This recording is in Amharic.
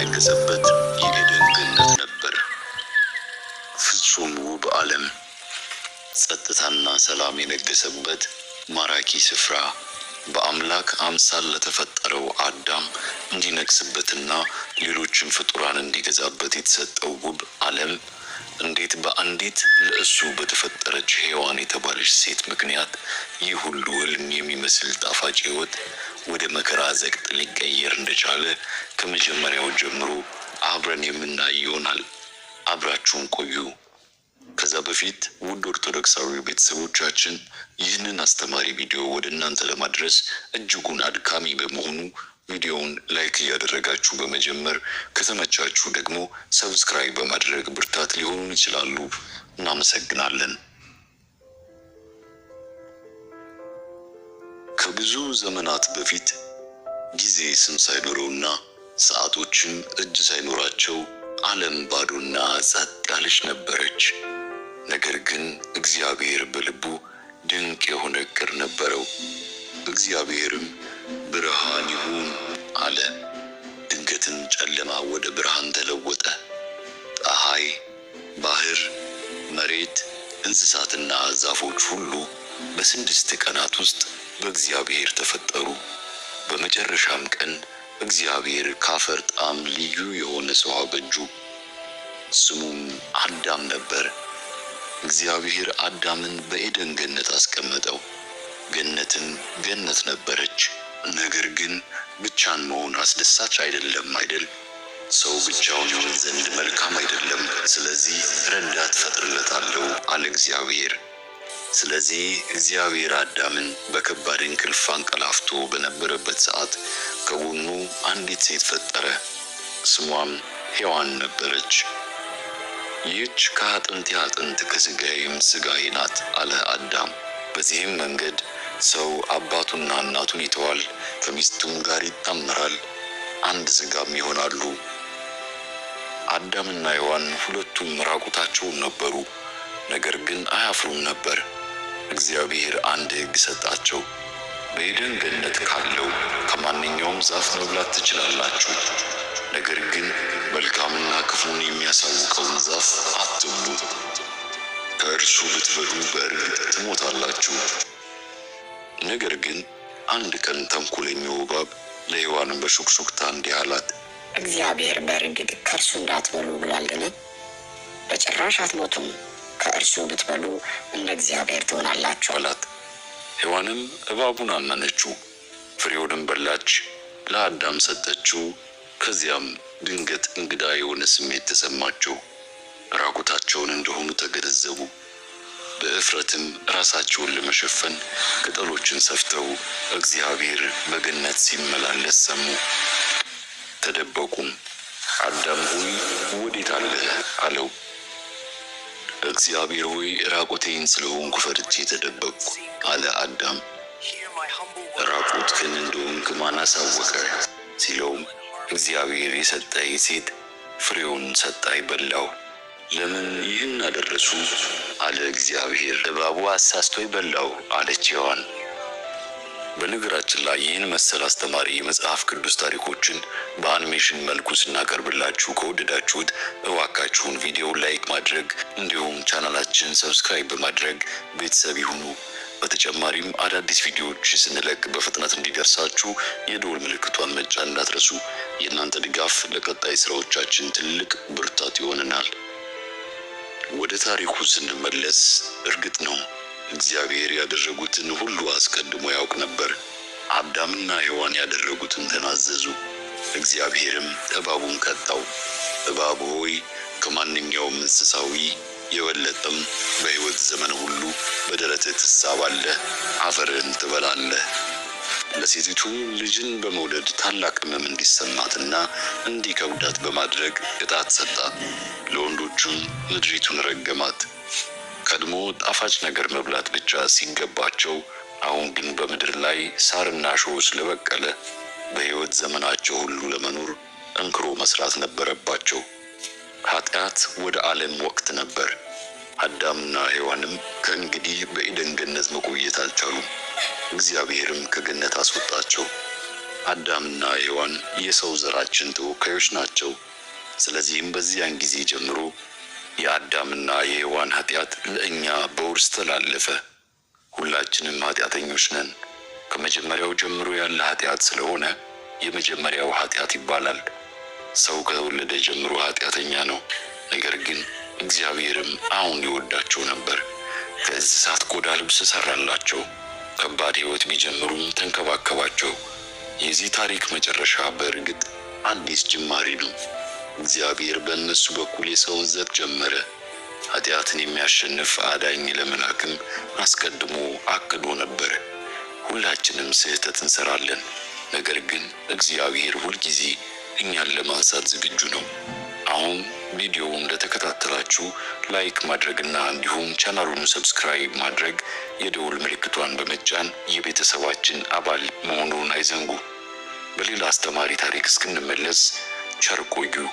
የነገሰበት የኤደን ገነት ነበር። ፍጹም ውብ ዓለም፣ ጸጥታና ሰላም የነገሰበት ማራኪ ስፍራ በአምላክ አምሳል ለተፈጠረው አዳም እንዲነግስበትና ሌሎችን ፍጡራን እንዲገዛበት የተሰጠው ውብ ዓለም እንዴት በአንዲት ለእሱ በተፈጠረች ሔዋን የተባለች ሴት ምክንያት ይህ ሁሉ ሕልም የሚመስል ጣፋጭ ህይወት ወደ መከራ ዘቅጥ ሊቀየር እንደቻለ ከመጀመሪያው ጀምሮ አብረን የምናይ ይሆናል። አብራችሁን ቆዩ። ከዛ በፊት ውድ ኦርቶዶክሳዊ ቤተሰቦቻችን ይህንን አስተማሪ ቪዲዮ ወደ እናንተ ለማድረስ እጅጉን አድካሚ በመሆኑ ቪዲዮውን ላይክ እያደረጋችሁ በመጀመር ከተመቻችሁ ደግሞ ሰብስክራይብ በማድረግ ብርታት ሊሆኑን ይችላሉ። እናመሰግናለን። ከብዙ ዘመናት በፊት ጊዜ ስም ሳይኖረውና ሰዓቶችም እጅ ሳይኖራቸው ዓለም ባዶና ጸጥ ያለች ነበረች። ነገር ግን እግዚአብሔር በልቡ ድንቅ የሆነ እቅድ ነበረው። እግዚአብሔርም ብርሃን ይሁን አለ። ድንገትም ጨለማ ወደ ብርሃን ተለወጠ። ፀሐይ፣ ባህር፣ መሬት፣ እንስሳትና ዛፎች ሁሉ በስድስት ቀናት ውስጥ በእግዚአብሔር ተፈጠሩ። በመጨረሻም ቀን እግዚአብሔር ካፈር ጣም ልዩ የሆነ ሰው አበጁ፣ ስሙም አዳም ነበር። እግዚአብሔር አዳምን በኤደን ገነት አስቀመጠው። ገነትም ገነት ነበረች። ነገር ግን ብቻን መሆን አስደሳች አይደለም አይደል? ሰው ብቻውን ይሆን ዘንድ መልካም አይደለም። ስለዚህ ረዳት ፈጥርለታለሁ አለ እግዚአብሔር። ስለዚህ እግዚአብሔር አዳምን በከባድ እንቅልፍ አንቀላፍቶ በነበረበት ሰዓት ከጎኑ አንዲት ሴት ፈጠረ። ስሟም ሔዋን ነበረች። ይህች ከአጥንቴ አጥንት ከስጋዬም ስጋዬ ናት አለ አዳም። በዚህም መንገድ ሰው አባቱና እናቱን ይተዋል፣ ከሚስቱም ጋር ይጣመራል፣ አንድ ስጋም ይሆናሉ። አዳምና ሔዋን ሁለቱም ራቁታቸውን ነበሩ፣ ነገር ግን አያፍሩም ነበር። እግዚአብሔር አንድ ሕግ ሰጣቸው። በኤደን ገነት ካለው ከማንኛውም ዛፍ መብላት ትችላላችሁ፣ ነገር ግን መልካምና ክፉን የሚያሳውቀውን ዛፍ አትብሉ፣ ከእርሱ ብትበሉ በእርግጥ ትሞታላችሁ። ነገር ግን አንድ ቀን ተንኮለኛው እባብ ለሔዋን በሹክሹክታ እንዲህ አላት፣ እግዚአብሔር በእርግጥ ከእርሱ እንዳትበሉ ብሏልን? በጭራሽ አትሞቱም። ከእርሱ ብትበሉ እንደ እግዚአብሔር ትሆናላችሁ አላት። ሔዋንም እባቡን አመነችው፣ ፍሬውንም በላች፣ ለአዳም ሰጠችው። ከዚያም ድንገት እንግዳ የሆነ ስሜት ተሰማቸው። ራቁታቸውን እንደሆኑ ተገነዘቡ። በእፍረትም ራሳቸውን ለመሸፈን ቅጠሎችን ሰፍተው እግዚአብሔር በገነት ሲመላለስ ሰሙ። ተደበቁም። አዳም ሆይ ወዴት አለ አለው። እግዚአብሔር ሆይ ራቁቴን ስለሆንኩ ፈርቼ ተደበቅኩ አለ አዳም። ራቁት ግን እንደሆንክ ማን አሳወቀ ሲለውም እግዚአብሔር የሰጠኝ ሴት ፍሬውን ሰጣ በላው። ለምን ይህን አደረሱ አለ እግዚአብሔር። እባቡ አሳስቶ በላው አለች ሔዋን። በነገራችን ላይ ይህን መሰል አስተማሪ የመጽሐፍ ቅዱስ ታሪኮችን በአኒሜሽን መልኩ ስናቀርብላችሁ ከወደዳችሁት እዋካችሁን ቪዲዮ ላይክ ማድረግ እንዲሁም ቻናላችን ሰብስክራይብ በማድረግ ቤተሰብ ይሁኑ። በተጨማሪም አዳዲስ ቪዲዮዎች ስንለቅ በፍጥነት እንዲደርሳችሁ የደወል ምልክቷን መጫን እንዳትረሱ። የእናንተ ድጋፍ ለቀጣይ ስራዎቻችን ትልቅ ብርታት ይሆነናል። ወደ ታሪኩ ስንመለስ እርግጥ ነው እግዚአብሔር ያደረጉትን ሁሉ አስቀድሞ ያውቅ ነበር። አዳምና ሔዋን ያደረጉትን ተናዘዙ። እግዚአብሔርም እባቡን ቀጣው። እባብ ሆይ ከማንኛውም እንስሳዊ የበለጠም በሕይወት ዘመን ሁሉ በደረትህ ትሳባለህ፣ አፈርህን ትበላለህ። ለሴቲቱ ልጅን በመውለድ ታላቅ ሕመም እንዲሰማትና እንዲከብዳት በማድረግ ቅጣት ሰጣት። ለወንዶቹም ምድሪቱን ረገማት። ቀድሞ ጣፋጭ ነገር መብላት ብቻ ሲገባቸው፣ አሁን ግን በምድር ላይ ሳርና ሾህ ስለበቀለ በሕይወት ዘመናቸው ሁሉ ለመኖር ጠንክሮ መስራት ነበረባቸው። ኃጢአት ወደ ዓለም ወቅት ነበር። አዳምና ሔዋንም ከእንግዲህ በኢደን ገነት መቆየት አልቻሉም። እግዚአብሔርም ከገነት አስወጣቸው። አዳምና ሔዋን የሰው ዘራችን ተወካዮች ናቸው። ስለዚህም በዚያን ጊዜ ጀምሮ የአዳምና የሔዋን ኃጢአት ለእኛ በውርስ ተላለፈ። ሁላችንም ኃጢአተኞች ነን። ከመጀመሪያው ጀምሮ ያለ ኃጢአት ስለሆነ የመጀመሪያው ኃጢአት ይባላል። ሰው ከተወለደ ጀምሮ ኃጢአተኛ ነው። ነገር ግን እግዚአብሔርም አሁን ይወዳቸው ነበር። ከእንስሳት ቆዳ ልብስ ሰራላቸው። ከባድ ሕይወት ቢጀምሩም ተንከባከባቸው። የዚህ ታሪክ መጨረሻ በእርግጥ አዲስ ጅማሬ ነው። እግዚአብሔር በእነሱ በኩል የሰውን ዘር ጀመረ። ኃጢአትን የሚያሸንፍ አዳኝ ለመላክም አስቀድሞ አቅዶ ነበር ሁላችንም ስህተት እንሰራለን። ነገር ግን እግዚአብሔር ሁልጊዜ እኛን ለማንሳት ዝግጁ ነው። አሁን ቪዲዮ እንደተከታተላችሁ ላይክ ማድረግና እንዲሁም ቻናሉን ሰብስክራይብ ማድረግ የደውል ምልክቷን በመጫን የቤተሰባችን አባል መሆኑን አይዘንጉ። በሌላ አስተማሪ ታሪክ እስክንመለስ ቸር ቆዩ።